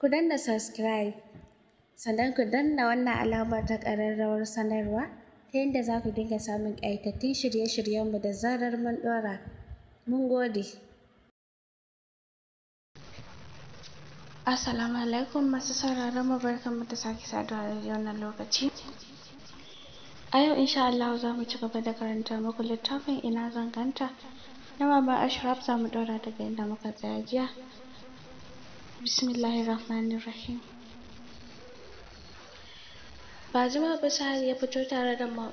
ku danna subscribe sannan ku danna wannan alamar ta ƙararrawar sanarwa ta yadda za ku dinga samun ƙaitattun shirye-shiryenmu da zarar mun ɗora mun gode Assalamu alaikum masu sauraron mu barkanmu ta sake saduwa da wannan lokaci a yau insha Allah za mu ci gaba da karanta muku littafin ina zan ganta na Baba Ashraf za mu ɗora daga inda muka tsaya jiya Bismillahirrahmanirrahim. Ba rahim ba Sahad ya fito tare da ma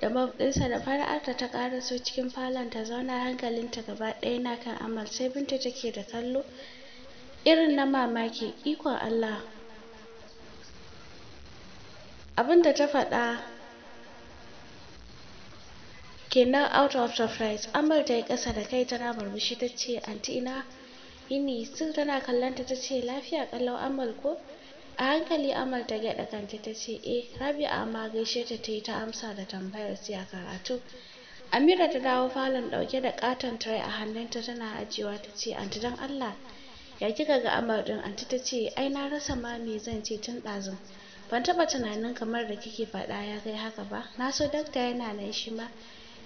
da mop ɗinsa da fara'arta ta ƙaraso cikin falon ta zauna hankalinta gaba ɗaya na kan Amal sai Binta take da kallo irin na mamaki ikon Allah. Abinda ta faɗa kenan out of surprise Amal ta yi ƙasa da kai tana murmushi ta ce anti ina Ini su tana kallonta ta ce lafiya ƙalau Amal ko? A hankali Amal ta gyaɗa kanta ta ce eh Rabi'a ma gaishe ta ta yi ta amsa da tambayar sai a karatu. Amira ta dawo falon ɗauke da katon tire a hannunta tana ajiyewa ta ce anti don Allah ya kika ga Amal ɗin anti ta ce ai na rasa ma me zan ce tun ɗazun. Ban taɓa tunanin kamar da kike faɗa ya kai haka ba, na so dakta yana nan shi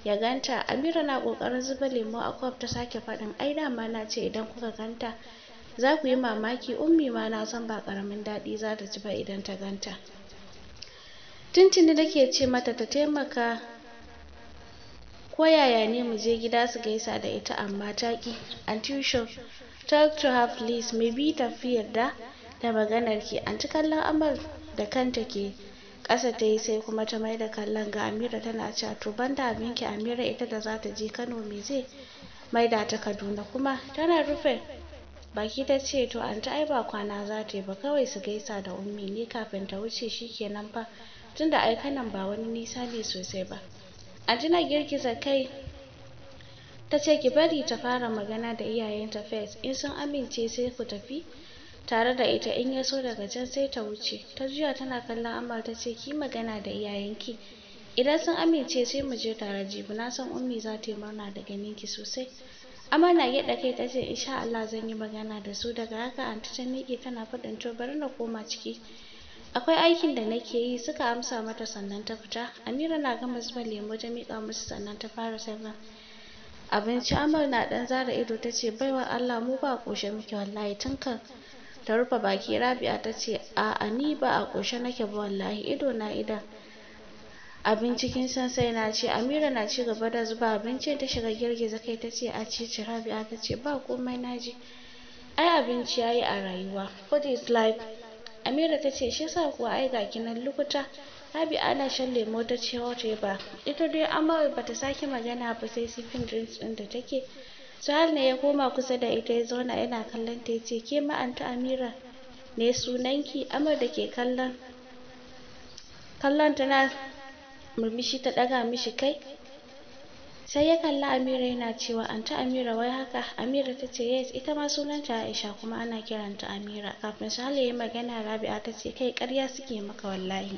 ya ganta Amira na kokarin zuba lemo a kwaf ta sake faɗin ai dama na ce idan kuka ganta za ku yi mamaki ummi ma na san ba karamin daɗi za ta ji ba idan ta ganta tuntuni nake ce mata ta taimaka ko yaya ne mu je gida su gaisa da ita amma ta ki anti you talk to her please maybe ta fi yarda da maganar ki anti kallon amal da kanta ke ƙasa ta yi sai kuma ta mai da kallon ga Amira tana cewa to banda abinki Amira ita da za ta je Kano me zai maida ta Kaduna kuma tana rufe baki ta ce to anti ai ba kwana za ta yi ba kawai su gaisa da ummi ne kafin ta wuce shi shikenan fa tunda ai kanan ba wani nisa ne sosai ba anti na girgiza kai ta ce ki bari ta fara magana da iyayenta first in sun amince sai ku tafi tare da ita in ya so daga can sai ta wuce ta juya tana kallon amal ta ce ki magana da iyayenki idan sun amince sai mu je tare jibi na san ummi za ta yi murna da ganinki sosai amal na gyaɗa kai ta ce sha Allah zan yi magana da su daga haka anti ta miƙe tana faɗin to bari na koma ciki akwai aikin da nake yi suka amsa mata sannan ta fita Amira na gama zuba lemo ta miƙa musu sannan ta fara sarrafa abinci Amal na ɗan zara ido ta ce baiwa Allah mu ba ƙoshe muke wallahi tun kan ta rufe baki Rabi'a ta ce a'a ni ba a ƙoshe nake ba wallahi ido na idan abin cikin san sai na ce Amira na ci gaba da zuba abinci ta shiga girgiza kai ta ce a ci ci Rabi'a ta ce ba komai na ji ai abinci ya yi a rayuwa food is life Amira ta ce shi yasa kuwa ai ga nan lukuta rabi'a na shan lemo ta ce wata ba ita dai amma bata sake magana ba sai sifin drinks ɗin da take Sahal ne ya koma kusa da ita ya zauna yana kallon ta yace ke ma anta Amira ne sunanki Amar da ke kallon kallon tana murmushi ta ɗaga mishi kai sai ya kalli Amira yana cewa anta Amira wai haka Amira ta ce yes ita ma sunanta Aisha kuma ana kiranta Amira kafin Sahal ya yi magana Rabi'a ta ce kai ƙarya suke maka wallahi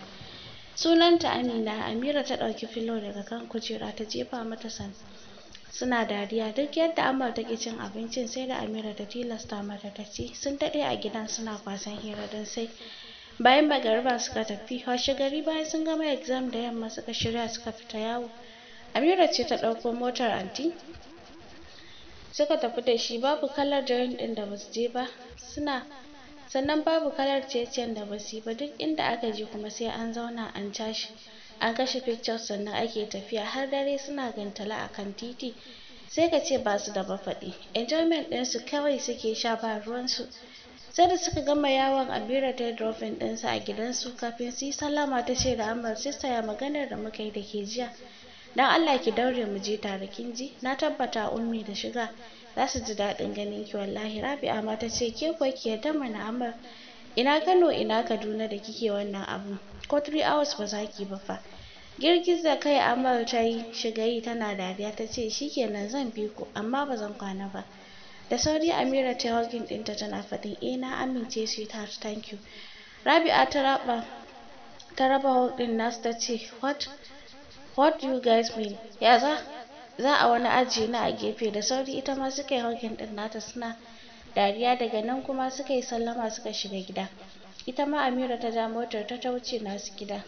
sunanta Amina Amira ta ɗauki filo daga kan kujera ta jefa mata sanda suna dariya duk yadda amal take cin abincin sai da Amira ta tilasta mata ta ci sun daɗe a gidan suna kwasan hira don sai bayan magariba suka tafi washe gari bayan sun gama exam da yamma suka shirya suka fita yawo Amira ce ta ɗauko motar anti suka tafi da shi babu kalar joint ɗin da basu je ba suna sannan babu kalar ciye-ciyen da basu yi ba duk inda aka je kuma sai an zauna an tashi an kashe pictures sannan ake tafiya har dare suna gantala a kan titi sai ka ce ba su da mafaɗi enjoyment ɗinsu kawai suke sha ba ruwansu sai da suka gama yawon amira ta yi ɗin ɗinsa a gidansu kafin su yi sallama ta ce da amal sista ya maganar da muka yi da ke jiya don allah ki daure mu je tare kin ji na tabbata ummi da shiga za su ji daɗin ganin ki wallahi rabi'a ma ta ce ke kuwa ki yarda mana amal ina kano ina kaduna da kike wannan abun ko three hours ba za ki ba fa girgiza kai amal ta yi shiga yi tana dariya ta ce shikenan zan bi ku amma ba zan kwana ba da sauri amira ta hugging ɗinta tana faɗin eh na amince sweetheart thank you rabi'a ta raba ta raba ɗin, nasu ta ce what what do you guys mean ya za za a wani aji na a gefe da sauri ita ma suka yi hugging ɗin nata suna dariya daga nan kuma suka yi sallama suka shiga gida ita ma amira ta ja motar ta ta wuce nasu gida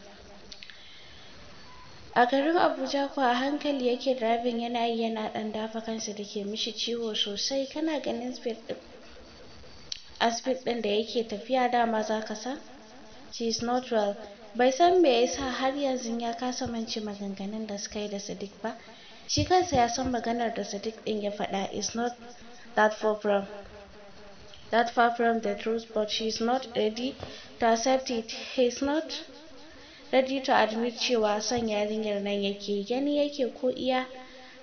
a garin abuja kuwa a hankali yake driving yana yi yana ɗan dafa kansa da ke mishi ciwo sosai kana ganin speed ɗin a speed ɗin da yake tafiya dama za ka san she is not well bai san me yasa har yanzu ya kasa mance maganganun da suka yi da sadiq ba shi kansa ya san maganar da sadiq ɗin ya faɗa is not that problem that far from the truth, but is not ready to accept it. he is not ready to admit cewa son yarinyar nan yake gani yake ko iya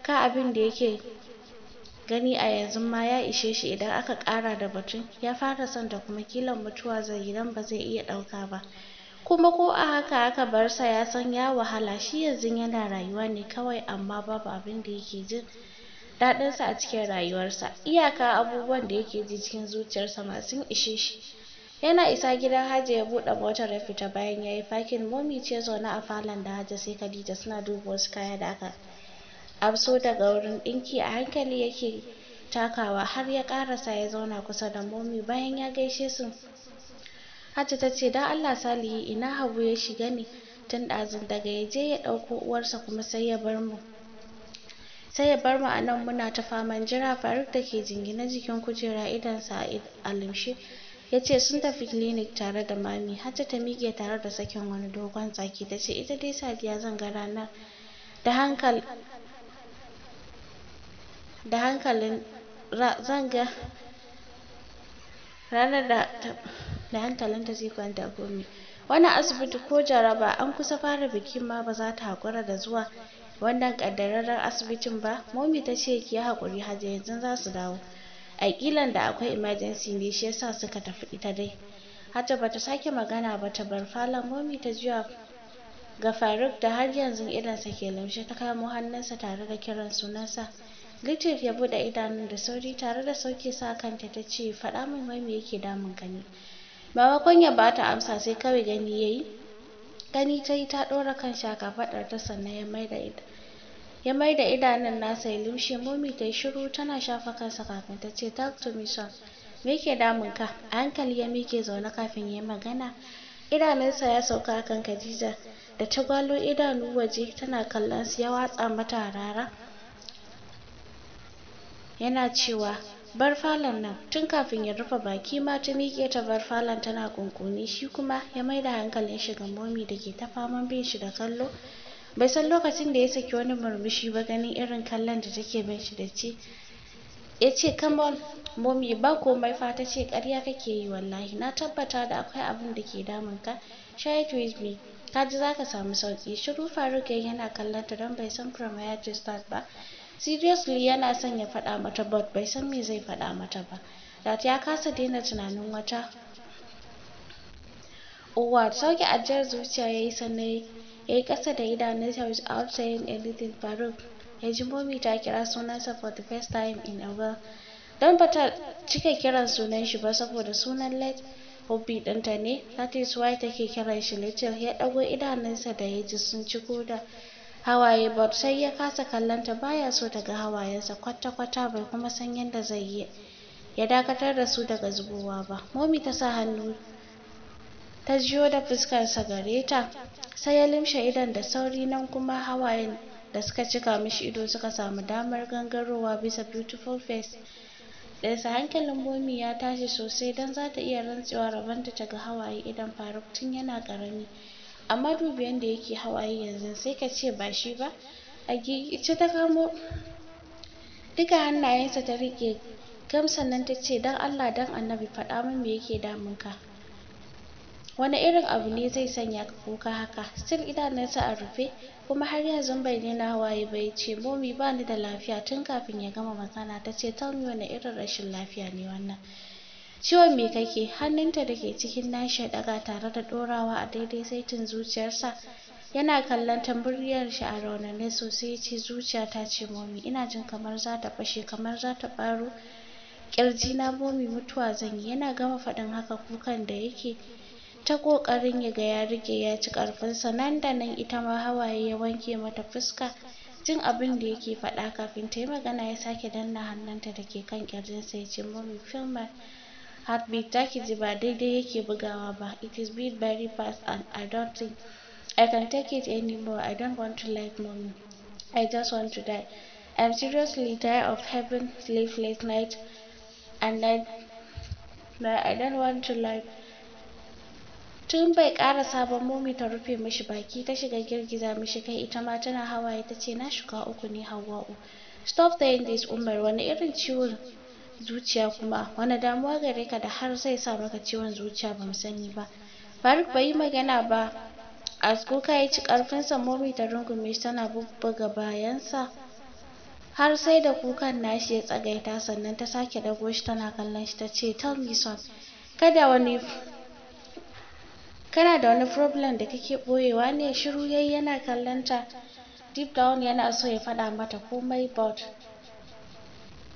ka abin da yake gani a yanzu ma ya ishe shi idan aka kara da batun ya fara son da kuma kilan mutuwa zai yi dan ba zai iya ɗauka ba kuma ko a haka aka bar sa ya san ya wahala shi yanzu yana rayuwa ne kawai amma babu abin da yake jin daɗinsa a cikin rayuwarsa iyaka abubuwan da yake ji cikin zuciyarsa masu ishe shi yana isa gidan hajiya ya buɗe motar ya fita bayan yayi fakin momi ce zaune a falon da hajiya sai khadija suna duba wasu kaya da aka amso daga wurin ɗinki a hankali yake takawa har ya ƙarasa ya zauna kusa da momi bayan ya gaishe su hajja ta ce don Allah Salihu ina Habu ya shiga ne tun ɗazun daga yaje ya ɗauko uwarsa kuma sai ya bar mu sai ya bar mu a nan muna ta faman jira Faruk da ke jingine jikin kujera sa a lumshe ya ce sun tafi clinic tare da mami hata ta miƙe tare da sakin wani dogon tsaki ta ce ita dai sadiya zan ga ranar da hankal da hankalin zan ga ranar da da ta zai kwanta komai wani asibiti ko jaraba an kusa fara bikin ma ba za ta haƙura da zuwa wannan ƙaddararren asibitin ba momi ta ce ki yi haƙuri hajiya yanzu za su dawo a ƙilan da akwai emergency ne shi yasa suka tafi ita dai hajiya bata sake magana ba ta bar falon momi ta juya ga faruk da har yanzu idonsa ke lumshe ta kamo hannunsa tare da kiran sunansa Litif ya buɗe idanun da sauri tare da sauke sa kanta ta ce faɗa min wai yake damun ka ne maimakon ya bata amsa sai kawai gani yayi gani ta yi ta ɗora kan shakafaɗar a sannan ya maida ita ya maida idanun nasa ya lumshe momi ta yi shiru tana shafa kansa kafin ta ce talk to me son me ke damun ka a hankali ya mike zaune kafin ya yi magana idanunsa ya sauka kan Khadija da ta gwalo idanu waje tana kallon su ya watsa mata harara yana cewa bar falon nan tun kafin ya rufe baki ma ta miƙe ta bar falon tana kunkuni shi kuma ya maida hankalin shi ga momi da ke ta faman bin shi da kallo bai san lokacin da ya saki wani murmushi ba ganin irin kallon da take bin shi da ci ya ce kamar momi ba komai fa ta ce ƙarya kake yi wallahi na tabbata da akwai abin da ke damun ka shayet with me ka ji za ka samu sauƙi shiru faruk yayi yana kallon ta don bai san from where to start ba Seriously yana son ya faɗa mata but bai san me zai faɗa mata ba. That ya kasa daina tunanin wata uwa. Sauke ajiyar zuciya ya yi sannan ya yi ƙasa da idanunsa without saying anything. Faruk ya ji momi ta kira sunansa for the first time in a while. Don ba ta cika kiran sunan shi ba saboda sunan let hobby ɗinta ne, that is why take kiran shi little. Ya ɗago idanunsa da ya ji sun ci da hawaye bot sai ya kasa kallonta baya so ta hawayensa kwata-kwata bai kuma san yadda zai yi ya dakatar da su daga zubowa ba momi ta sa hannu ta jiyo da fuskarsa gare ta sai ya limshe idon da sauri nan kuma hawayen da suka cika mishi ido suka samu damar gangarowa bisa beautiful face ɗansa hankalin momi ya tashi sosai don zata iya rantsewa rabonta ta ga hawaye idan faruk tun yana ƙarami amma dubiyan yanda yake hawaye yanzu sai ka ce ba shi ba a ita ta kamo duka hannayensa ta riƙe gamsa nan ta ce don Allah don annabi faɗa min me yake ka wani irin abu ne zai sanya ka kuka haka still idanunsa a rufe kuma har yanzu bai daina hawaye ba ya ce momi ba ni da lafiya tun kafin ya gama magana ta ce tell me wani irin rashin lafiya ne wannan ciwon me kake hannunta da ke cikin nashi ya ɗaga tare da ɗorawa a daidai saitin zuciyarsa yana kallon tamburiyar shi a raunane sosai ya ce zuciya ta ce momi ina jin kamar za ta fashe kamar za ta ɓaro ƙirji na momi mutuwa zan yi yana gama faɗin haka kukan da yake ta ƙoƙarin ya ga ya riƙe ya ci ƙarfinsa nan da nan ita ma hawaye ya wanke mata fuska jin abin da yake faɗa kafin ta yi magana ya sake danna hannunta da ke kan ƙirjinsa ya ce momi feel my Heartbeat Taki ba daidai yake bugawa ba. It is beat very fast and I don't think I can take it anymore. I don't want to like mommy. I just want to die. I'm seriously tired of having sleepless nights and night. I don't want to like tun bai karasa ba momi ta rufe mishi baki ta shiga girgiza mishi kai ita ma tana hawaye ta ce na shiga uku ne hawa'u stop saying this umar wani irin ciwon zuciya kuma wani damuwa gare ka da har zai sa maka ciwon zuciya ba mu sani ba faruk bai yi magana ba as kuka ya ci sa momi ta rungume shi tana bubbuga bayansa har sai da kukan nashi ya tsagaita sannan ta sake dago shi tana kallon shi ta ce tell me son kada wani kana da wani problem da kake boyewa ne shiru yayi yana kallon ta deep down yana so ya faɗa mata komai but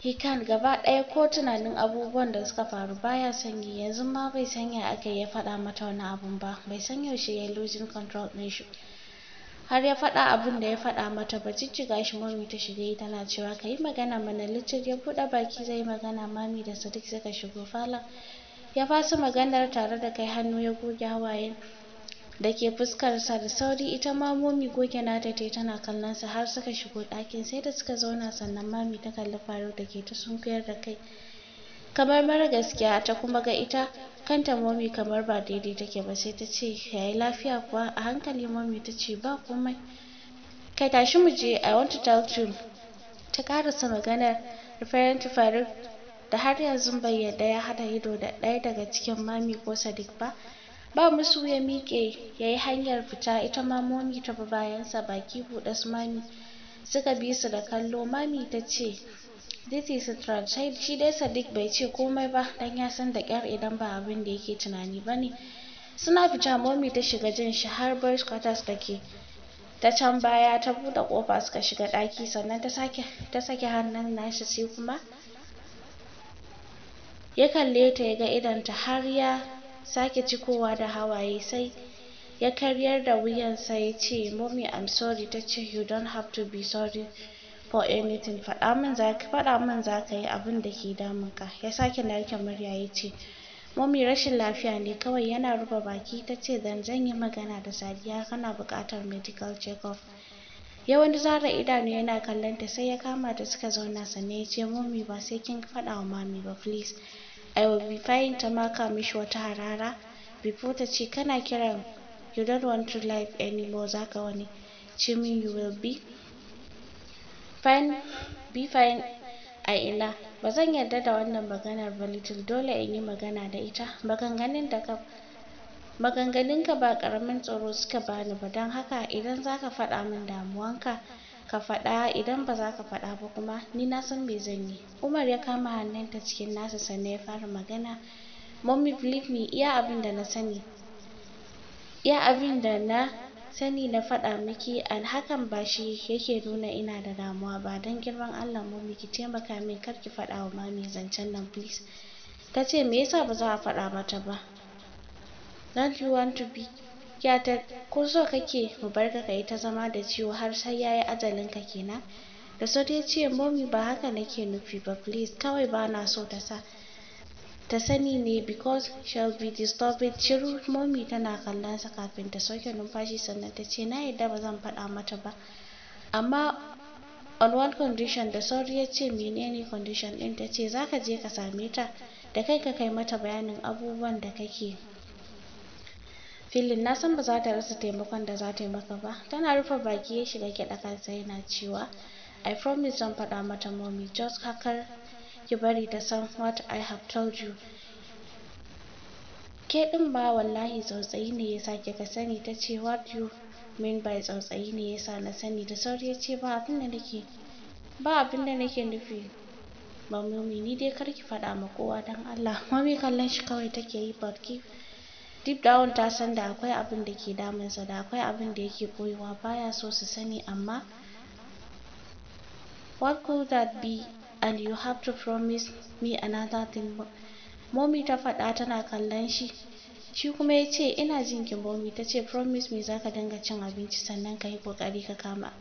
Hitan gaba ɗaya ko tunanin abubuwan da suka faru baya son yi yanzu ma bai san ya aka ya faɗa mata wani abun ba bai san yaushe ya losing control ɗin shi har ya faɗa abun da ya faɗa mata ba jijjiga shi mami ta shiga yi tana cewa ka yi magana mana littir ya buɗe baki zai yi magana mami da sadiq suka shigo falon ya fasa maganar tare da kai hannu ya goge hawayen da ke fuskarsa da sauri ita ma momi goge nata tayi tana kallon sa har suka shigo ɗakin sai da suka zauna sannan mami ta kalli faruk da ke ta sunkuyar da kai kamar mara gaskiya ta kuma ga ita kanta momi kamar ba daidai take ba sai ta ce yayi lafiya kuwa a hankali momi ta ce ba komai kai tashi mu je i want to talk you ta ƙarasa maganar referring to faruk da har yanzu bai yarda ya haɗa ido da ɗaya daga cikin mami ko sadiq ba Ba musu ya miƙe ya yi hanyar fita ita ma Momi ta bi bayansa baki buɗe su Mami suka bi su da kallo. Mami ta ce this is strange shi dai Sadiq bai ce komai ba dan ya san da ƙyar idan ba abin da yake tunani ba ne. Suna fita Momi ta shiga jin shi har boys quarters da ke ta can baya ta buɗe ƙofa suka shiga ɗaki sannan ta sake hannun nashi sai kuma ya kalle ta ya ga idonta har ya sake cikowa da hawaye sai ya karyar da wuyansa ya ce 'Mummy, I'm sorry ta ce you don't have to be sorry for anything faɗa min za ka faɗa min za yi abin da ke ka. ya sake narke murya ya ce rashin lafiya ne kawai yana rufe baki ta ce zan yi magana da sadiya kana buƙatar medical check up yawanci zara idanu yana kallon ta sai ya kama ta suka zauna sannan ya ce mommy ba sai kin faɗa wa ba please I will be fine ta maka mishi wata harara before ta ce kana kiran you don't want to live anymore za ka wani ce min you will be fine be fine a ina ba zan yarda da wannan maganar ba little dole in yi magana da ita maganganun da ka maganganunka ba ƙaramin tsoro suka bani ba don haka idan za ka faɗa min damuwanka ka faɗa idan ba za ka faɗa ba kuma ni na san me zan yi umar ya kama hannunta cikin nasa sannan ya fara magana mommy believe me iya abin da na sani iya abin da na sani na faɗa miki And hakan ba shi yake nuna ina da damuwa ba don girman Allah mommy ki taimaka min kar ki faɗa wa mami zancen nan please ta ce me yasa ba za a faɗa mata ba don't you want to be ya ta ko so kake mu barka yi ta zama da ciwo har sai yayi ajalin ka kenan da sauri ya ce mommy ba haka nake nufi ba please kawai ba na so ta sa ta sani ne because she'll be disturbing shiru momi tana kallon sa kafin ta sauke numfashi sannan ta ce na yadda ba zan faɗa mata ba amma on one condition da sauri ya ce menene condition ɗin ta ce zaka je ka same ta da kai ka kai mata bayanin abubuwan da kake filin na san ba za ta rasa taimakon da za ta yi maka ba tana rufe baki ya shiga gyaɗa kansa yana cewa i promise zan faɗa mata mommy just hakar ki bari ta san what i have told you ke ɗin ba wallahi tsautsayi ne ya sake ka sani ta ce what you mean by tsautsayi ne ya sa na sani da sauri ya ce ba abin da nake ba abin da nake nufi ba mommy ni dai kar ki faɗa ma kowa don Allah mommy kallon shi kawai take yi but keep Deep down ta san da akwai abin da ke damunsa, da akwai abin da yake koyowa ba ya so su sani amma what could that be and you have to promise me another thing Mommy ta faɗa tana kallon shi. Shi kuma ya ce ina jin ki Mommy ta ce promise me zaka dinga cin abinci sannan ka yi ƙoƙari ka kama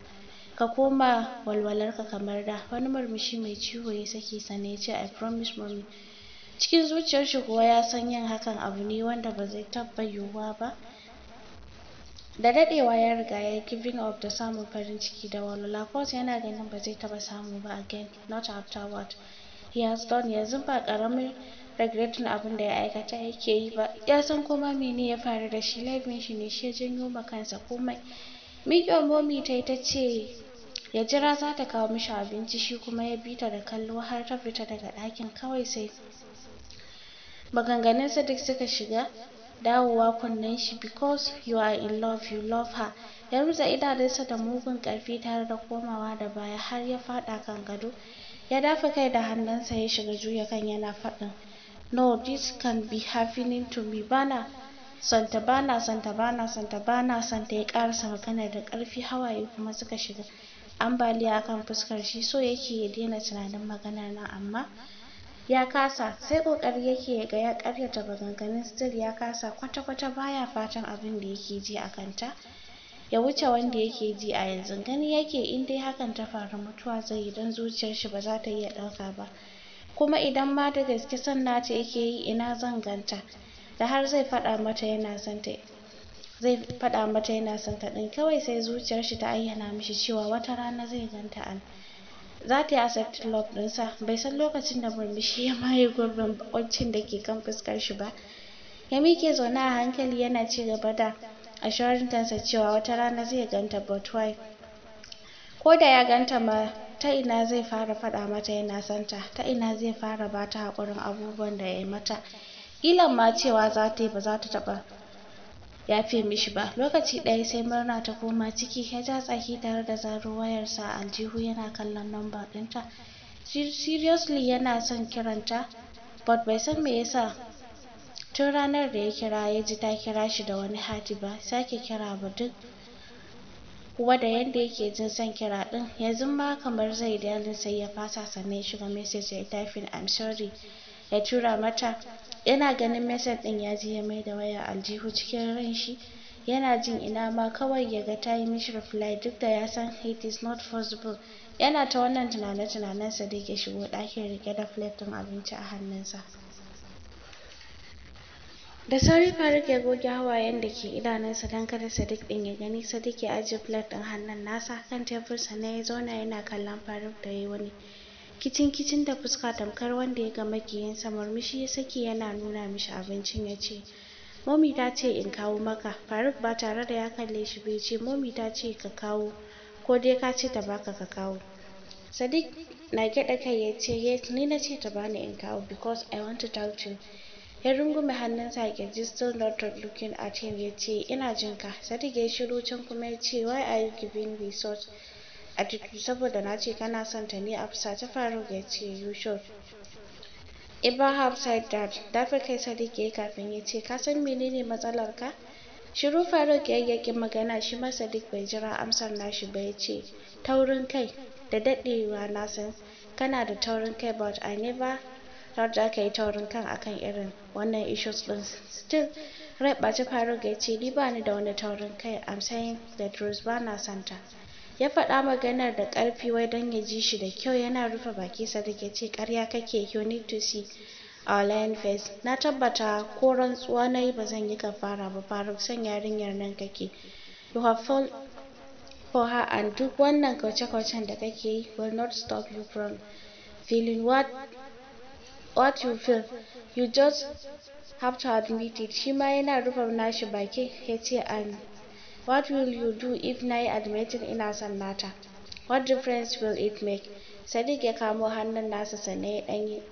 ka koma walwalarka kamar da. Wani murmushi mai ciwo ya saki sannan ya ce I promise Mommy. cikin zuciyar shi kuwa ya san yin hakan abu ne wanda ba zai taɓa yiwuwa ba da daɗewa ya riga ya giving up da samun farin ciki da walwala cause yana ganin ba zai taɓa samu ba again not after what he has done yanzu ba ƙaramin regretting abun da ya aikata yake yi ba ya san kuma mene ya faru da shi laifin shi ne shi ya janyo ma kansa komai miƙewa momi tayi tace ya jira za ta kawo mishi abinci shi kuma ya bi ta da kallo har ta fita daga ɗakin kawai sai maganganun Sadiq suka shiga dawowa kunnen shi because you are in love you love her ya rusa idanunsa da mugun ƙarfi tare da komawa da baya har ya faɗa kan gado ya dafa kai da hannunsa ya shiga juya kan yana faɗin no this can be happening to me bana santa bana santa bana santa bana santa ya ƙarasa magana da ƙarfi hawaye kuma suka shiga ambaliya akan fuskar shi so yake ya daina tunanin maganar nan amma ya kasa sai kokari yake ya ga ya karyata maganganun still ya kasa kwata-kwata baya fatan abin da yake ji a kanta ya wuce wanda yake ji a yanzu gani yake in dai hakan ta faru mutuwa zai yi don zuciyar shi ba za ta iya ɗauka ba kuma idan ma da gaske son nata yake yi ina zan ganta da har zai faɗa mata yana son ta zai faɗa mata yana son ta ɗin kawai sai zuciyar shi ta ayyana mishi cewa wata rana zai ganta an za ta yi love ɗinsa bai san lokacin da murmushi ya maye gurbin baƙuncin da ke kan fuskar shi ba ya miƙe zaune a hankali yana ci gaba da assurantansa cewa wata rana zai ganta but why ko da ya ganta ma ta ina zai fara faɗa mata yana son ta ta ina zai fara bata haƙurin abubuwan da ya yi mata ƙilan ma cewa za ta yi ba za ta taɓa ya fi mishi ba lokaci ɗaya sai murna ta koma ciki ya ja tsaki tare da zaro wayarsa a aljihu yana kallon lamba ɗinta seriously yana son kiranta but bai san me yasa tun ranar da ya kira ya ji ta kira shi da wani hati ba sake kira ba duk kuwa da yadda yake jin son kira ɗin yanzu ma kamar zai dalin sai ya fasa sannan shiga message ya yi typing I'm sorry ya tura mata yana ganin message ɗin ya je ya maida wayar aljihu cikin ran shi yana jin ina ma kawai ya ga ta yi mishi reply duk da ya san it is not possible yana ta wannan tunane-tunanen Sadiq ya shigo ɗakin rike da plate ɗin abinci a hannunsa da sauri Faruk ya goge hawayen da ke idanunsa don kada Sadiq ɗin ya gani Sadiq ya ajiye plate ɗin hannun nasa kan tebursa ne ya zauna yana kallon Faruk da yi wani kicin kicin da fuska tamkar wanda ya ga makiyinsa murmushi ya saki yana nuna mishi abincin ya ce momi ta ce in kawo maka faruk ba tare da ya kalle shi ya ce momi ta ce ka kawo ko dai ka ce ta baka ka kawo sadiq na gyaɗa kai ya ce yes ni na ce ta bani in kawo because i want to talk to you ya rungume hannunsa a kirji still not looking at him ya ce ina jin ka sadiq ya shiru can kuma ya ce why are you giving me such a jiki saboda na ce kana son ta ne Hafsa ta Faruk ya ce you should Ibrahim said that dafa kai Sadiq yayi kafin ya ce kasan mene menene matsalar Shiru Faruk ya yaki magana shi ma Sadiq bai jira amsar nashi ba ya ce taurin kai da daɗewa na san kana da taurin kai but I never har da aka yi taurin kan akan irin wannan issues din still rai ɓaci faruk ya ce ni ba ni da wani taurin kai i'm saying the truth ba na santa ya faɗa maganar da ƙarfi wai don ya ji shi da kyau yana rufe baki da ya ce ƙarya kake you need to see our lion face na tabbata ko rantsuwa na yi ba zan yi ka fara ba Faruk san yarinyar nan kake you have fall for her and duk wannan kauce-kaucen da kake yi will not stop you from feeling what what you feel you just have to admit it shi ma yana rufe nashi baki ya ce and What will you do if na yi admitting ina son nata? What difference will it make? Sadiq ya kamo hannun nasa sannan ya ɗanyi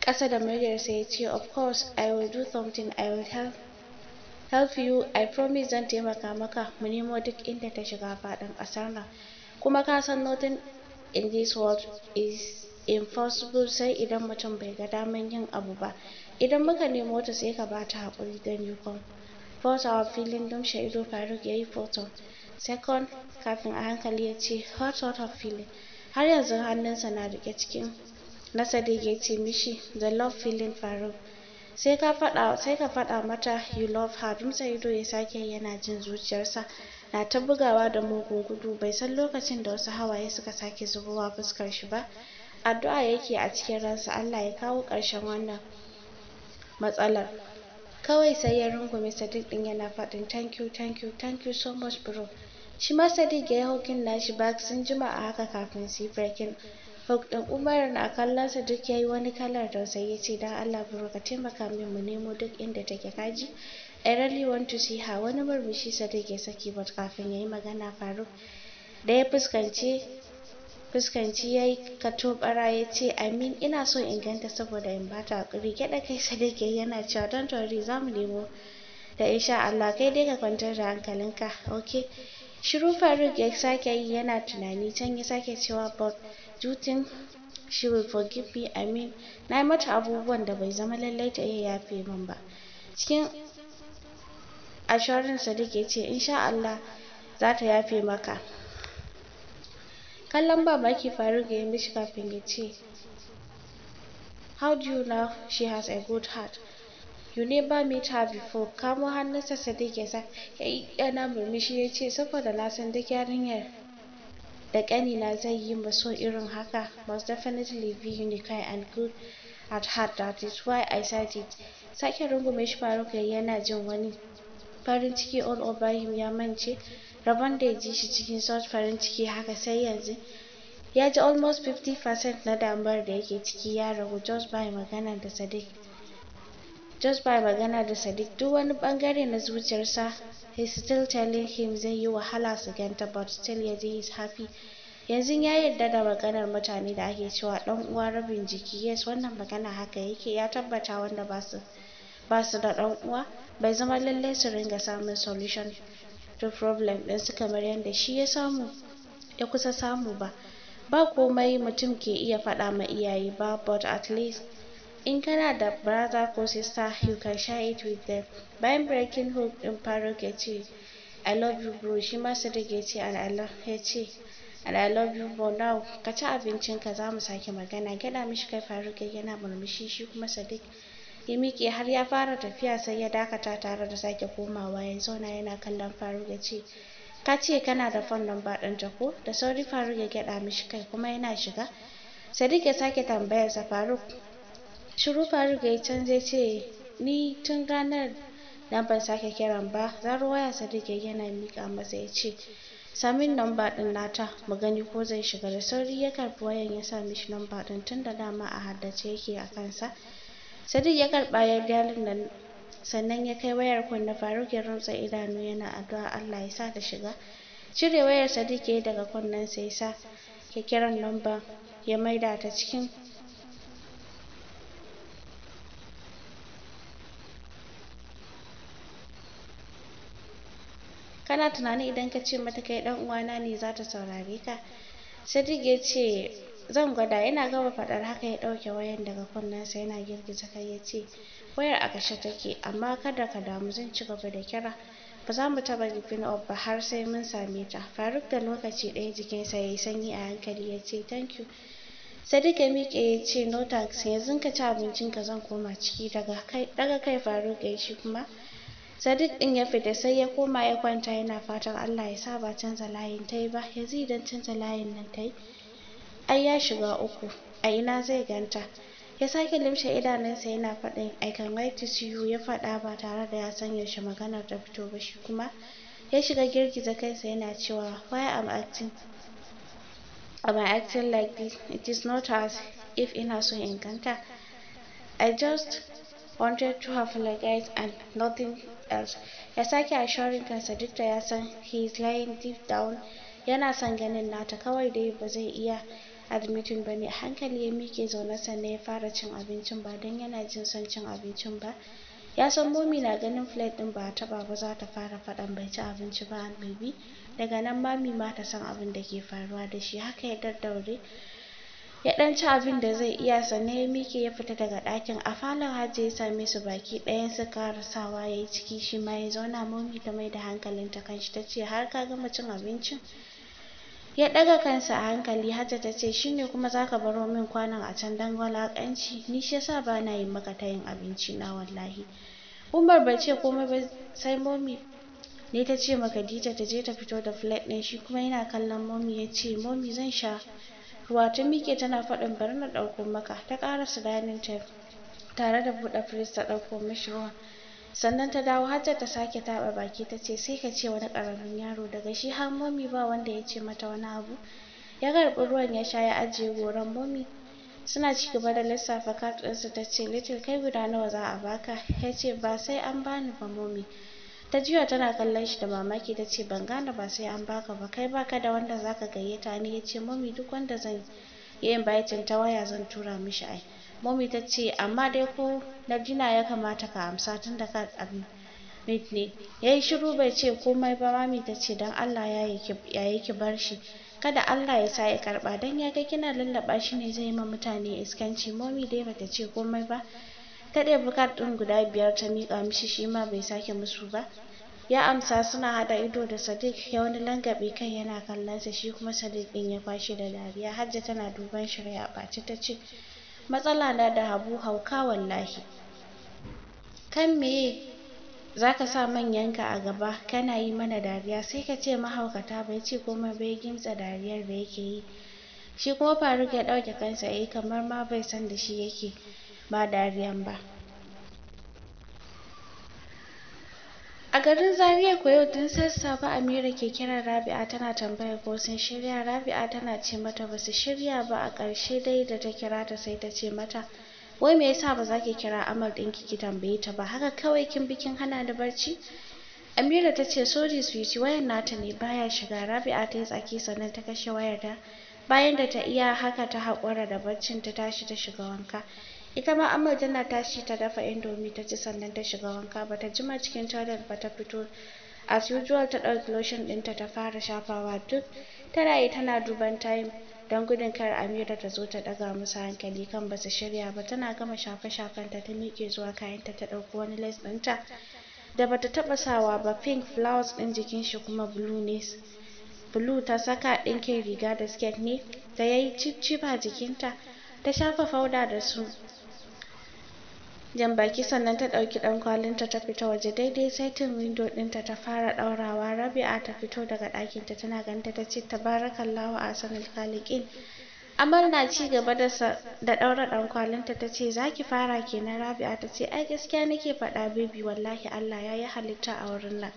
ƙasa da muryarsa ya ce, Of course, I will do something, I will help help you, I promise zan taimaka maka mu nemo duk inda ta shiga faɗin ƙasar nan. Kuma ka san nothing in this world is impossible sai idan mutum bai ga daman yin abu ba. Idan muka nemo ta sai ka bata haƙuri don you come. Fota wa filin gamshe ido Faruk ya yi foton. Second, kafin a hankali ya ce, hot hot of feeling. Har yanzu hannunsa na rike cikin na Sadiq ya ce mishi, the love feeling Faruk. Sai ka faɗa sai ka faɗa mata you love her. Rumsa ido ya sake yana jin zuciyarsa na ta bugawa da mugun gudu bai san lokacin da wasu hawaye suka sake zubowa fuskar shi ba. Addu'a yake a cikin ransa Allah ya kawo ƙarshen wannan matsalar. kawai sai ya rungume sadiq din yana faɗin thank you thank you thank you so much bro shi ma sadiq ya yi hukin nashi back sun jima a haka kafin su yi breaking huk din umar na kallon sa duk yayi wani kalar tausayi ya ce dan allah bro ka taimaka min mu nemo duk inda take kaji i really want to see her wani murmushi sadiq ya saki but kafin ya yi magana faruk da ya fuskanci fuskanci yayi bara ya ce amin ina so in ganta saboda in bata hakuri gyaɗa kai sadiq yana cewa don worry zamu nemo da insha Allah kai dai ka kwantar da hankalin ka. ok shiru Faruk ya sake yi yana tunani can ya sake cewa but do think she will forgive me I mean na mata abubuwan da bai zama lallai ta iya yafe min ba cikin assurance Sadiq ya ce insha Allah za ta yafe maka Kallon ba yake Faruk ya yi mishi kafin ya ce, How do you know she has a good heart? You never meet her before. Kamo hannunsa Sadiq ya sa, ya yi yana murmushi ya ce, Saboda na san duk yarinyar da ƙanina zai yi maso irin haka, must definitely be unique and good at heart. That is why I said it. Sake rungume shi Faruk yana jin wani farin ciki all over him ya mance rabon da ya ji shi cikin such farin ciki haka sai yanzu ya ji almost fifty percent na damuwar da yake ciki ya ragu just by magana da Sadiq just by magana da Sadiq duk wani bangare na zuciyarsa he's still telling him zai yi wahala su ganta but still ya ji he's happy yanzu ya yarda da maganar mutane da ake cewa dan uwa rabin jiki yes wannan magana haka yake ya tabbata wanda ba su da dan uwa bai zama lallai su ringa samun solution da problem ɗinsu kamar yadda shi ya samu ya kusa samu ba ba komai mutum ke iya faɗa ma iyaye ba but at least in kana da brother ko sister you can share it with them bayan breaking hope ɗin Faruk ya ce I love you bro shi ma Sadiq ya ce and I love ya ce and I love you for now ka ci abincinka za mu sake magana gyaɗa mishi kai Faruk yana murmushi shi kuma Sadiq ya miƙe har ya fara tafiya sai ya dakata tare da sake komawa ya zauna yana kallon faruk ya ce ka ce kana da fam lamba ɗinta ko da sauri faruk ya gyaɗa mishi kai kuma yana shiga sadiq ya sake tambayarsa faruk shiru faruk ya yi can zai ce ni tun ranar na ban sake kiran ba zaro waya sadiq ya yana miƙa masa ya ce samin lamba ɗin nata mu gani ko zai shiga da sauri ya karɓi wayan ya sa mishi lamba ɗin tun da dama a haddace yake a kansa Sadiq ya karɓa ya dalin nan sannan ya kai wayar kunne Faruk ya rantsa idanu yana addu'a Allah ya sa ta shiga. Cire wayar Sadiq yayi daga kunnen sai sa ya kiran namba ya maida ta cikin kana tunanin idan ka ce mata kai dan uwana ne za ta saurare ka Sadiq ya ce zan gwada yana gama faɗar haka ya ɗauke wayan daga kunnensa yana girgiza kai yace wayar a kashe take amma kada ka damu zan ci gaba da kira ba za mu taɓa giving up ba har sai mun same ta faruk da lokaci ɗaya jikinsa ya sanyi a hankali yace ce thank you sadiq ya miƙe yace ce no thanks yanzu ka ci abincin ka zan koma ciki daga kai daga kai faruk ya shi kuma sadiq ɗin ya fita sai ya koma ya kwanta yana fatan allah ya sa ba canza layin ta ba, ba yanzu idan canza layin nan ta ai ya shiga uku a ina zai ganta ya sake limshe idanunsa yana faɗin I can write to see you ya faɗa ba tare da ya san shi maganar ta fito ba shi kuma ya shiga girgiza kansa yana cewa why am acting am I acting like this it is not as if ina so in ganta I just wanted to have a guys and nothing else ya sake assuring kansa duk da ya san he is lying deep down yana son ganin nata kawai dai ba zai iya admitting ba ne a hankali ya miƙe zaune sannan ya fara cin abincin ba don yana jin son cin abincin ba ya san momi na ganin plate ɗin ba ta taɓa ba za ta fara faɗan bai ci abinci ba an baby daga nan mami ma ta san abin da ke faruwa da shi haka ya daddaure ya ɗan ci abin da zai iya sannan ya miƙe ya fita daga ɗakin a falon hajji ya same su baki ɗayan su karasawa ya yi ciki shi ma ya zauna momi ta mai da ta kan shi ta ce har ka gama cin abincin ya ɗaga kansa a hankali hajja ta ce shi ne kuma zaka baro min kwanon a can don walaƙanci ni shi yasa ba na yin maka tayin abinci na wallahi umar bai ce komai ba sai momi ne ta ce ma khadija ta je ta fito da flat ɗin shi kuma yana kallon momi ya ce momi zan sha ruwa ta miƙe tana faɗin bari na ɗauko maka ta ƙarasa dining table tare da buɗe fridge ta ɗauko mishi ruwa. sannan ta dawo har ta sake taɓa baki ta ce sai ka ce wani ƙaramin yaro daga shi har momi ba wanda ya ce mata wani abu ya karɓi ruwan ya sha ya ajiye goran momi suna ci da lissafa kat ɗinsu ta ce little kai guda nawa za a baka ya ce ba sai an bani ba momi ta juya tana kallon shi da mamaki ta ce ban gane ba sai an baka ba kai baka da wanda zaka gayyata ni ya ce momi duk wanda zan yi inviting ta waya zan tura mishi ai Momi ta ce, amma dai ko gina ya kamata ka amsa tun da ka tsani ne. Ya yi shiru bai ce komai ba, Mami ta ce, don Allah ya yi ki bar shi. Kada Allah ya sa ya karɓa, don ya ga kina lallaɓa shi ne zai ma mutane iskanci. Momi dai bata ce komai ba. Ta ɗebi ɗin guda biyar ta miƙa mishi shi ma bai sake musu ba. ya amsa suna hada ido da Sadiq ya wani langabe kai yana kallon sa shi kuma Sadiq ɗin ya kwashe da dariya Hajja tana duban shi a ɓace ce. matsala na da habu hauka wallahi kan meye zaka sa manyanka a gaba kana yi mana dariya sai ka ce mahaukata bai ce komai ba ya gimtsa dariyar da yake yi shi kuma faruk ya ɗauke kansa yayi eh, kamar ma bai san da shi yake ba dariyan ba A garin Zariya ko yau tun sassafe Amira ke kiran Rabi'a tana tambayar ko sun shirya Rabi'a tana ce mata basu shirya ba a ƙarshe dai da ta kira ta sai ta ce mata wai me yasa ba za ki kira Amal ɗinki ki tambaye ta ba haka kawai kin bi kin hana ni barci Amira ta ce sorry sweetie wayar nata ne baya shiga Rabi'a ta yi tsaki sannan ta kashe wayar ta bayan da ta iya haka ta haƙura da barcin ta tashi ta shiga wanka ita ma amal tana tashi ta dafa indomi ta ci sannan ta shiga wanka ba ta jima cikin toilet ba ta fito as usual ta ɗauki lotion ɗinta ta fara shafawa duk ta yi tana duban time don gudun kar Amira ta zo ta ɗaga musu hankali kan ba su shirya ba tana gama shafe-shafen ta ta miƙe zuwa kayanta ta ɗauko wani lace ɗinta da bata taɓa sawa ba pink flowers ɗin jikin shi kuma blue ne blue ta saka ɗinkin riga da skirt ne ta yayi cif-cif a jikinta ta shafa powder da su jan baki sannan ta ɗauki ɗan kwalinta ta fita waje daidai saitin windo ɗinta ta fara ɗaurawa rabi'a ta fito daga ɗakinta tana ganta ta ce tabarakallahu ahsanul khaliqin Amal na ci gaba da da ɗaura ɗan kwalinta ta ce "Zaki fara kenan Rabi'a ta ce ai gaskiya nake faɗa baby wallahi Allah ya yi halitta a wurin nan.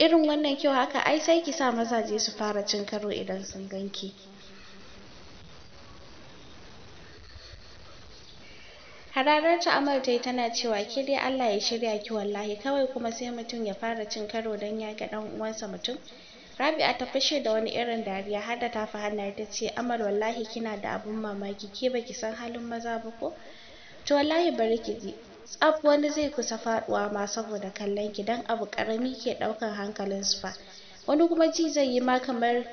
Irin wannan kyau haka ai sai ki sa mazaje su fara cin karo idan sun ganki. Hararar ta Amal ta yi tana cewa ke dai Allah ya shirya ki wallahi kawai kuma sai mutum ya fara cin karo don ya ga ɗan uwansa mutum. Rabi'a ta fashe da wani irin dariya har da tafi hannaye ta ce Amal wallahi kina da abun mamaki ke baki san halin maza ba ko? To wallahi bari ki ji tsaf wani zai kusa faduwa ma saboda kallon ki dan abu karami ke ɗaukan hankalin su fa. Wani kuma ji zai yi ma kamar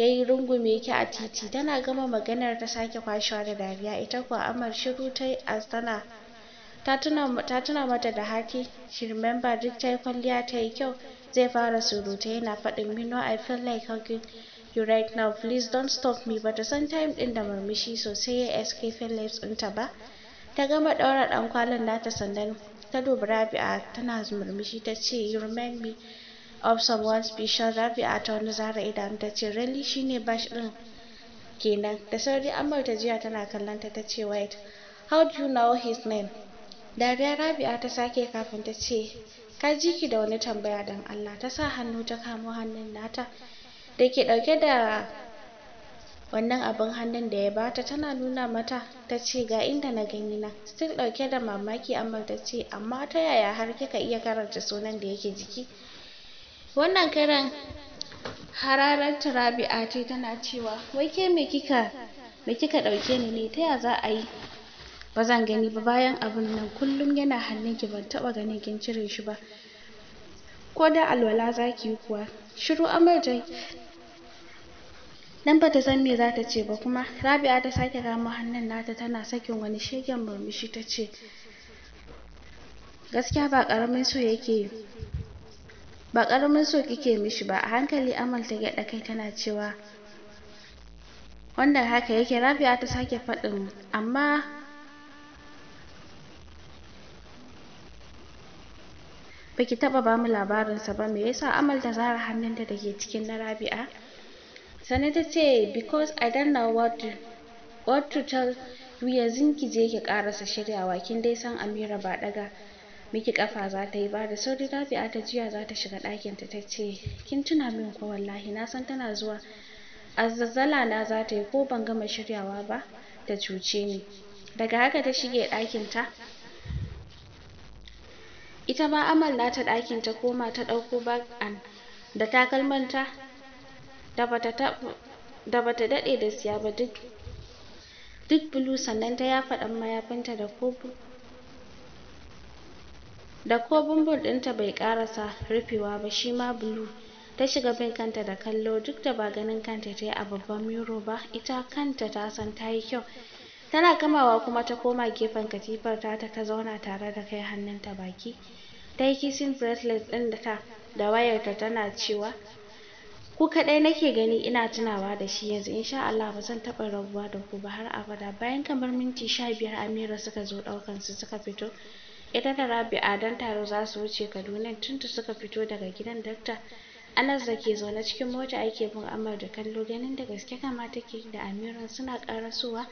yayi yi rungume ki a titi tana gama maganar ta sake kwashewa da dariya ita kuwa amar shiru ta yi as tana ta tuna mata da haki she remember duk ta yi kwalliya ta yi kyau zai fara surutu yana faɗin mino know I feel like hugging you right now please don't stop me bata san time ɗin da murmushi sosai ya escape lips ɗinta ba ta gama ɗaura ɗankwalin nata sannan ta dubi Rabi'a tana murmushi ta ce you remind me of someone special Rabi'a ta wani zara idanu ta ce really ne bash din kenan da sauri an ta jiya tana kallon ta ta ce white how do you know his name dariya Rabi'a ta sake kafin ta ce ka ji ki da wani tambaya dan Allah ta sa hannu ta kamo hannun nata da ke dauke da wannan abin hannun da ya bata tana nuna mata ta ce ga inda na gani na still dauke da mamaki Ammar ta ce amma ta yaya har kika iya karanta sunan da yake jiki wannan karan harararta Rabi'a ce tana cewa wai ke me kika me kika ɗauke ni ne taya za a yi ba zan gani ba bayan abun nan kullum yana hannunki ban taɓa ganin kin cire shi ba ko da alwala za ki yi kuwa shiru amarja Nan dan bata san me za ta ce ba kuma Rabi'a ta sake kamo hannun nata tana sakin wani shegen murmushi ta ce gaskiya ba ƙaramin so yake ba ƙaramin so kike mishi ba a hankali amal ta gyaɗa kai tana cewa wanda haka yake rabi'a ta sake faɗin amma baki taɓa bamu labarinsa ba me yasa amal ta zara hannunta da ke cikin na rabi'a sannan ta ce because i don't know what to, what to tell yanzu ki je ki karasa shiryawa kin dai san Amira ba daga miki ƙafa za ta yi ba da sauri rabi'a ta juya za ta shiga ɗakinta ta ce kin tuna min ko wallahi na san tana zuwa azazzala na za ta yi ko ban gama shiryawa ba ta cuce ni daga haka ta shige ɗakinta ita ma amal na ta ɗakin ta koma ta ɗauko bag an da takalmanta da bata da bata daɗe da siya ba duk duk bulu sannan ta yafa ɗan mayafinta da kofin da ko bumbul ɗinta bai ƙarasa rufewa ba shi ma blue ta shiga bin kanta da kallo duk da ba ganin kanta ta yi a babban miro ba ita kanta ta san ta yi kyau tana kamawa kuma ta koma gefen katifar ta ta zauna tare da kai hannunta baki ta yi kishin bracelet ɗin da ta da wayarta tana cewa ku kaɗai nake gani ina tunawa da shi yanzu insha Allah ba zan taɓa rabuwa da ku ba har abada bayan kamar minti sha biyar Amira suka zo ɗaukan su suka fito ita da Rabi'a don taro za su wuce Kaduna tunda suka fito daga gidan dakta Anas da ke zaune cikin mota ake bin amarda kallo ganin da gaske kama take da Amira suna karasowa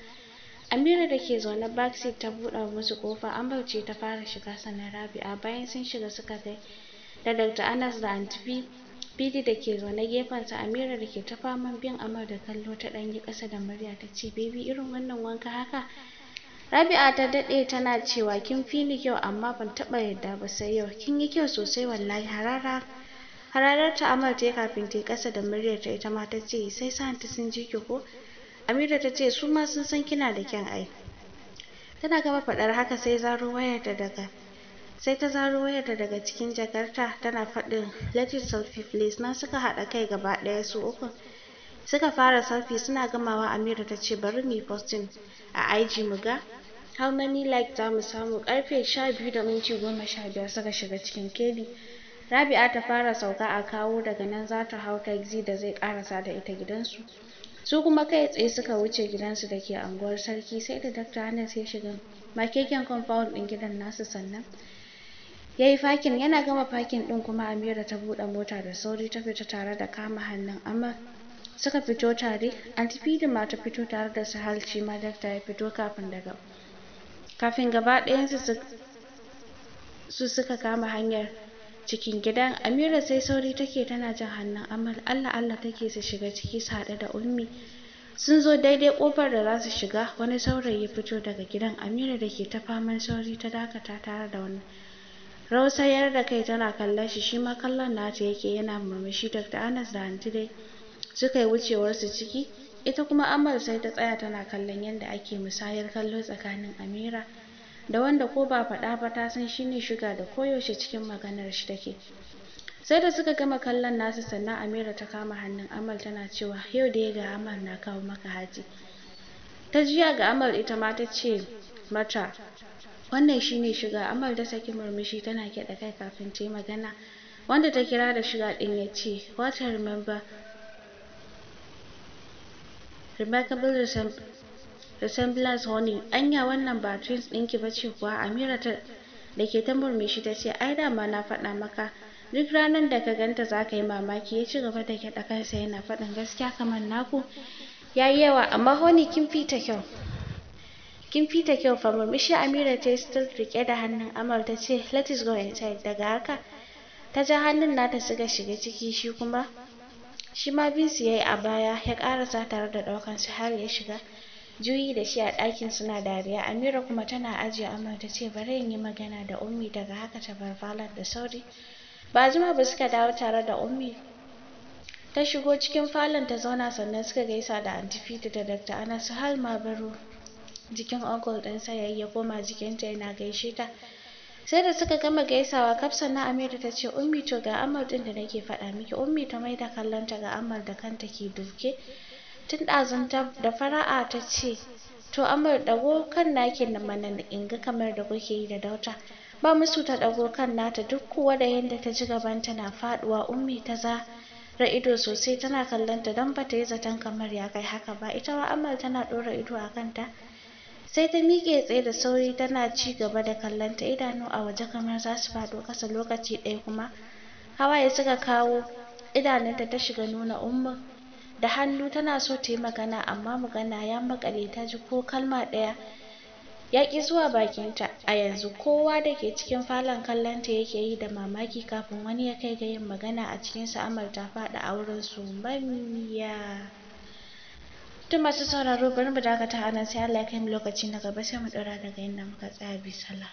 Amira da ke zaune seat ta buɗe musu ƙofa Ammar ce ta fara shiga sannan Rabi'a bayan sun shiga suka kai da dakta Anas da Aunty da ke zaune gefensa Amira da ke ta faman bin amarda kallo ta ɗan yi ƙasa da murya ta ce baby irin wannan wanka haka Rabi'a ta daɗe tana cewa kin fi ni kyau amma ban taɓa yarda ba sai yau. Kin yi kyau sosai wallahi harara. Hararar ta ta yi kafin ta yi ƙasa da muryar ta ita ma ta ce sai sa'anta sun ji ki ko? Amira ta ce su ma sun san kina da kyan ai. Tana gama faɗar haka sai zaro ta daga sai ta zaro wayar ta daga cikin jakarta tana faɗin let it selfie please na suka haɗa kai gaba ɗaya su uku. Suka fara selfie suna gamawa Amira ta ce bari mu yi posting a IG mu ga how many like za mu samu karfe sha biyu da minti goma sha biyar suka shiga cikin keli rabi'a ta fara sauka a kawo daga nan zata hau taxi da zai karasa da ita gidansu su kuma kai tsaye suka wuce gidansu da ke anguwar sarki sai da dakta hannes ya shiga makeken compound din gidan nasu sannan ya yi fakin yana gama fakin din kuma amira ta buɗe mota da sauri ta fita tare da kama hannun amma suka fito tare anti ma ta fito tare da su sahalci ma dakta ya fito kafin daga kafin gaba ɗayan su suka kama hanyar cikin gidan Amira sai sauri take tana jin hannun Amal Allah Allah take su shiga ciki su haɗu da Ummi sun zo daidai ƙofar da za su shiga wani saurayi ya fito daga gidan Amira da ke ta faman sauri ta dakata tare da wani rausayar da kai tana kallon shi shi ma kallon nata yake yana murmushi Dr. Anas da Hanti dai suka yi wucewar su ciki ita kuma amal sai ta tsaya tana kallon yadda ake musayar kallo tsakanin amira da wanda ko ba faɗa ba ta san shine shuga da koyaushe cikin maganar shi take sai da suka gama kallon nasa sannan amira ta kama hannun amal tana cewa yau da ga amal na kawo maka haji ta jiya ga amal ita ma ta ce mata wannan shine shiga amal ta saki murmushi tana kiɗa kai kafin ta yi magana wanda ta kira da shiga ɗin ya ce what I remember remarkable resemblance honey anya wannan ba twins dinki bace kuwa amira ta da ke me shi ta ce da ma na faɗa maka duk ranar da ka ganta zaka yi mamaki ya ci gaba da gyaɗa kansa yana faɗin gaskiya kamar naku yayi yawa amma honey kin fita kyau kin fita kyau fa murmushi amira ta yi still riƙe da hannun amal ta ce let us go inside daga haka ta ja hannun nata suka shiga ciki shi kuma shi ma bin su yayi a baya ya sa tare da ɗaukan su har ya shiga juyi da shi a ɗakin suna dariya Amira kuma tana ajiye amma ta ce bari inyi magana da Ummi daga haka ta bar falon da sauri ba jima ba suka dawo tare da Ummi ta shigo cikin falon ta zauna sannan suka gaisa da Aunty Fifi da Dr. Anas har ma baro jikin uncle ɗinsa yayi ya koma jikinta yana gaishe ta sai da suka gama gaisawa kaf na Amira ta ce ummi to ga amal din da nake faɗa miki ummi ta maida kallonta ga amal da kanta ke duke tun ɗazun da fara'a ta ce to amal ɗago kan naki na mana in ga kamar da kuke yi da dauta ba musu ta ɗago kan nata duk kuwa da yadda ta ji gaban tana faɗuwa ummi ta za ra ido sosai tana kallonta don bata yi zaton kamar ya kai haka ba ita ma amal tana ɗora ido a kanta sai ta miƙe tsaye da sauri tana ci gaba da kallonta idanu a waje kamar za su faɗo ƙasa lokaci ɗaya kuma hawaye suka kawo idanunta ta shiga nuna umma da hannu tana so ta yi magana amma magana ya maƙale ta ji ko kalma ɗaya ya ƙi zuwa bakinta a yanzu kowa da ke cikin falon kallonta yake yi da mamaki kafin wani ya kai ga yin magana a cikin Amal ta faɗi a wurin sumayya duk masu sauraro bari mu dakata a nan sai Allah ya kai mu lokaci na gaba sai mu ɗaura daga inda muka tsaya bi sallah.